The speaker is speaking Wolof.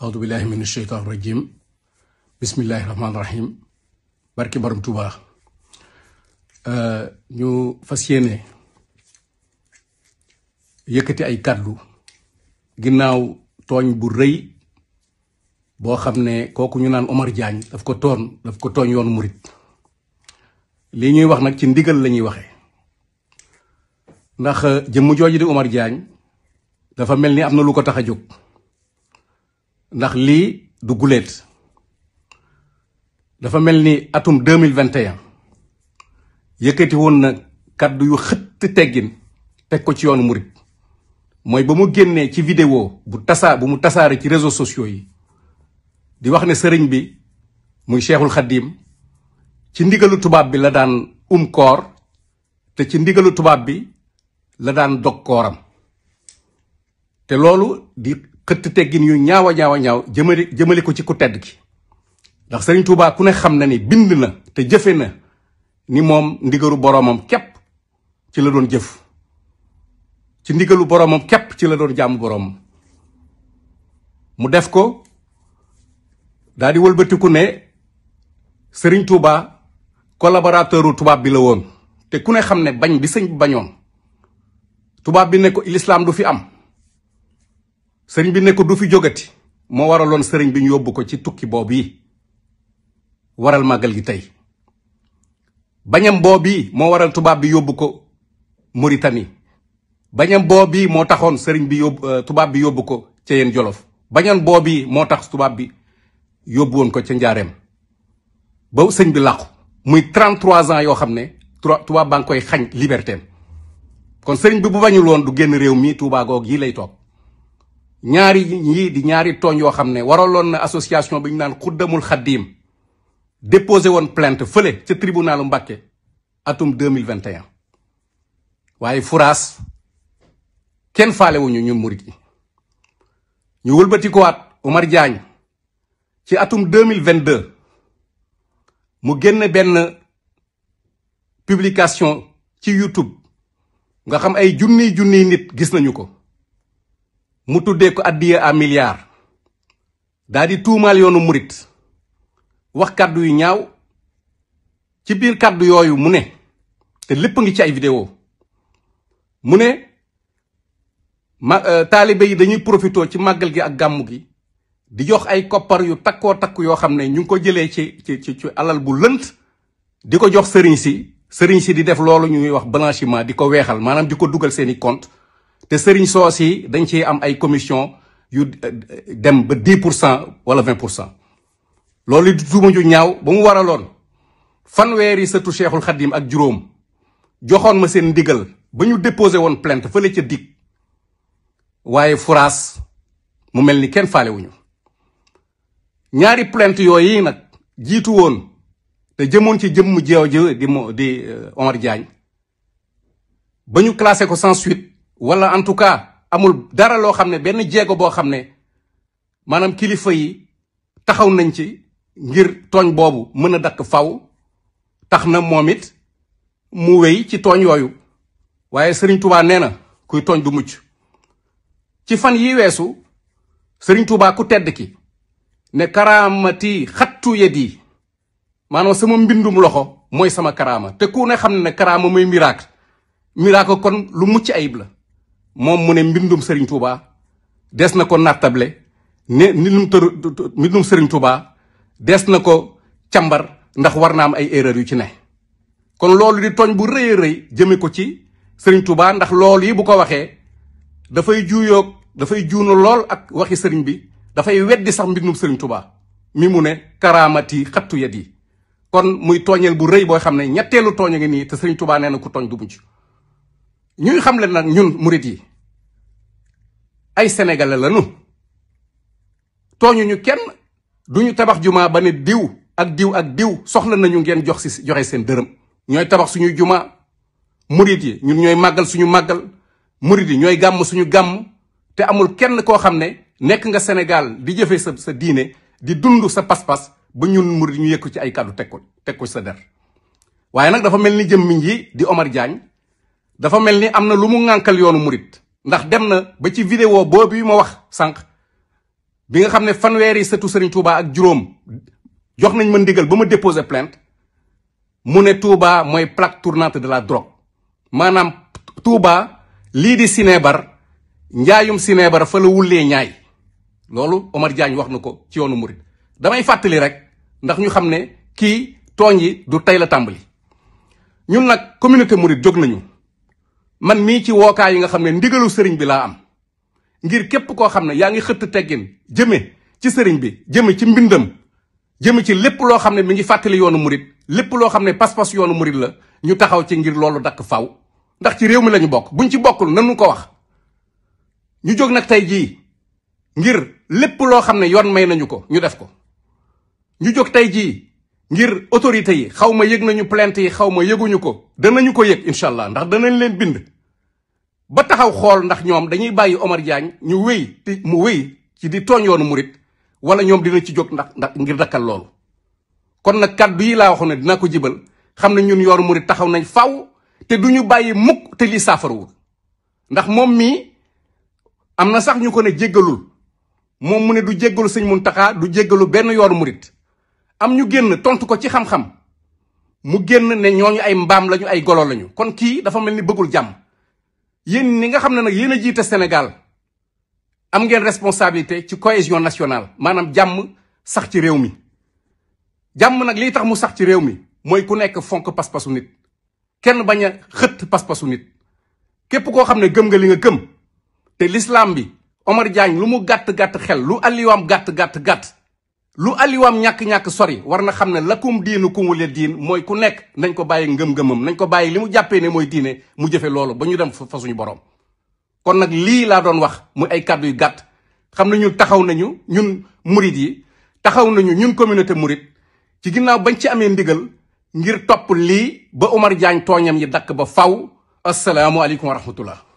audu billahi min sheytaan rajim bismillahi rahmaan rahim barki borom tubaa eh, ñu fas yéene yëkkati ay kàddu ginnaaw tooñ bu rëy boo xam ne kooku ñu naan Omar jaañ daf ko tooñ daf ko tooñ yoonu murit lii ñuy wax nag ci ndigal lañuy waxe ndax eh, jëmm jooju di Omar jaañ dafa mel ni am na lu ko tax a jóg ndax lii du guléet dafa mel ni atum deux mille yëkkati woon na kàddu yu xëtt teggin teg ko ci yoonu murit mooy ba mu génnee ci vidéo bu tasaa bu mu tasaare ci réseau sociaux yi di wax ne sëriñ bi muy Cheikhul Khadim ci ndigalu tubaab bi la daan um koor te ci ndigalu tubaab bi la daan dog kooram te loolu di xëtt teggin yu ñaaw a ñaaw a ñaaw jëmale ko ci ku tedd ki ndax Serigne Touba ku ne xam na ni bind na te jëfe na ni moom ndigaru boromam képp ci la doon jëf ci ndigalu boroomam képp ci la doon jaamu boroomam mu def ko daal di wëlbatiku ne sëriñ Touba collaborateuru tubaab bi la woon te ku ne xam ne bañ bi sëñ bañoon tubaab bi ne ko l'islam du fi am sëriñ bi ne du fi jógati moo waraloon sëriñ bi ñu yóbbu ko ci tukki boobu yi waral màggal gi tey bañam boobu yi moo waral tubaab bi yóbbu ko Mauritanie bañam boobu yi moo taxoon sëriñ bi yóbbu euh, tubaab bi yóbbu ko ca yéen jolof bañam boobu yi moo tax tubaab bi yóbbu woon ko ca njaareem ba sëñ bi làqu muy 33 ans yoo xam ne tubaab baa koy xañ liberté kon sëriñ bi bu bañul woon du génn réew mi Tuubaa goog lay toog ñaari yii di ñaari tooñ yoo xam ne waraloon na association bi ñu naan xuddamul xaddiim déposé woon plainte fële ca tribunalu Mbàkke atum 2021 waaye furaas kenn faalewuñu ñun murit yi ñu wëlbati ko waat Omar Diagne ci atum 2022 mu génn benn publication ci YouTube nga xam ay junniy junniy nit gis nañu ko mu tuddee ko addiya à milliard daa di tuumaal yoonu murit wax kàddu yu ñaaw ci biir kàddu yooyu mu ne te lépp ngi ci ay vidéo mu ne ma euh, taalibe yi dañuy profitoo ci màggal gi ak gàmmu gi di jox ay koppar yu takkoo takk yoo xam ne ñu ngi ko jëlee ci ci ci alal bu lënt di ko jox sëriñ si sëriñ si di def loolu ñuy wax blanchiment di ko weexal maanaam di ko dugal seeni compte te sëriñ soos yi dañ ci am ay commission yu euh, dem ba 10 pour cent wala 20 pour cent loolu di tuuma ju ñaaw ba mu waraloon fanweeri sëtu Cheikhul Khadim ak juróom joxoon ma seen ndigal ba ñu déposé woon plainte fële ca dig waaye furaas mu mel ni kenn faalewuñu ñaari plainte yooyu nag jiitu woon te jëmoon ci jëmm jeew ji di di euh, Omar Diagne ba ñu classé ko sans suite wala en tout cas amul dara loo xam ne benn jéego boo xam ne maanaam kilifa yi taxaw nañ ci ngir tooñ boobu mën a dakk faw tax na moom it mu wéy ci tooñ yooyu waaye sëriñ Touba nee na kuy tooñ du mucc ci fan yi weesu sëriñ Touba ku tedd ki ne karaamati xattu yadi maanaam sama mbindum loxo mooy sama karaama te ku ne xam ne ne karaama mooy miracle miracle kon lu mucc ayib la moom mu ne mbindum Serigne Touba des na ko nattable ne mbindum tër mbindum Serigne Touba des na ko càmbar ndax war naa am ay erreur yu ci ne. kon loolu di tooñ bu rëy a rëy ko ci Serigne Touba ndax lool yi bu ko waxee dafay juuyoog dafay juunu lool ak waxi sëriñ bi dafay weddi sax mbindum sëriñ Touba mi mu ne karaamati xattu yet yi. kon muy tooñeel bu rëy boo xam ne ñetteelu tooñ a ngi nii te Serigne Touba nee na ku tooñ du mujj ñuy xam leen nag ñun murit yi ay sénégalais lañu tooñuñu kenn duñu tabax jumaa ba ne diw ak diw ak diw soxla nañu ngeen jox si joxe seen dërëm ñooy tabax suñu jumaa murit yi ñu ñooy màggal suñu màggal murit yi ñooy gàmm suñu gàmm te amul kenn koo xam ne nekk nga senegal di jëfe sa sa diine di dund sa pas-pas ba ñun murit ñu yëkku ci ay kàddu teg ko sa der waaye nag dafa mel ni jëmmiñ yi di Omar Diagne dafa mel ni am na lu mu ŋànkal yoonu murit ndax dem na ba ci vidéo boobu yu ma wax sànq bi nga xam ne fanweeri setu Serigne Touba ak juróom jox nañ ma ndigal ba ma déposé plainte mu ne Touba mooy plaque tournante de la drogue maanaam Touba lii di sineebar njaayum Sinébar fa la wullee ñaay loolu Omar wax na ko ci yoonu Mouride damay fàttali rek ndax ñu xam ne kii tooñ yi du tey la tàmbali ñun nag communauté Mouride jóg nañu. man mii ci wookaay yi nga xam ne ndigalu sëriñ bi laa am ngir képp koo xam ne yaa ngi xëtt teggin jëme ci sëriñ bi jëme ci mbindam jëme ci lépp loo xam ne mi ngi fàttali yoonu murit lépp loo xam ne pas-pas yoonu murit la ñu taxaw ci ngir loolu dakk faw ndax ci réew mi lañu bokk bu buñ ci bokkul nanu ko wax ñu jóg nag tey jii ngir lépp loo xam ne yoon may nañu ko ñu def ko ñu jóg tey jii ngir autorité yi xaw ma yëg nañu plainte yi xaw ma yëguñu ko danañu ko yég incha allah ndax danañ leen bind ba taxaw xool ndax ñoom dañuy bàyyi Omar Diagne ñu wéy te mu wéy ci di tooñ yoonu murit wala ñoom dina ci jóg ndax ndax ngir dakkal loolu kon nag kàddu yi laa waxu ne dina ko jibal xam ne ñun yoonu murit taxaw nañ faw te du ñu bàyyi mukk te lii saafarawul ndax moom mii am na sax ñu ko ne jéggalul moom mu ne du jéggalu mun taxaa du jéggalu benn yoonu murit am ñu génn tontu ko ci xam-xam mu génn ne ñooñu ay mbaam lañu ay golo lañu kon kii dafa mel ni bëggul jàmm yéen ni nga xam ne nag yéen a jiita Sénégal am ngeen responsabilité ci cohésion nationale maanaam jàmm sax ci réew mi. jàmm nag lii tax mu sax ci réew mi mooy ku nekk fonk pas-pasu nit kenn bañ a xëtt pas-pasu nit képp koo xam ne gëm nga li nga gëm te l'islam bi Omar Diagne lu mu gàtt gàtt xel lu alliwaam gàtt gàtt gàtt. lu aliwaam ñàkk-ñàkk sori war na xam ne lakum diinu ku mu diin mooy ku nekk nañ ko bàyyi ngëm-ngëmam nañ ko bàyyi li mu jàppee ne mooy diine mu jëfe loolu ba ñu dem fa suñu borom kon nag lii laa doon wax muy ay kàddu yu gàtt xam nañu taxaw nañu ñun murit yi taxaw nañu ñun communauté murit ci ginnaaw bañ ci amee ndigal ngir topp lii ba Omar Diagne tooñam yi dakk ba faw asalaamualeykum wa rahmatullah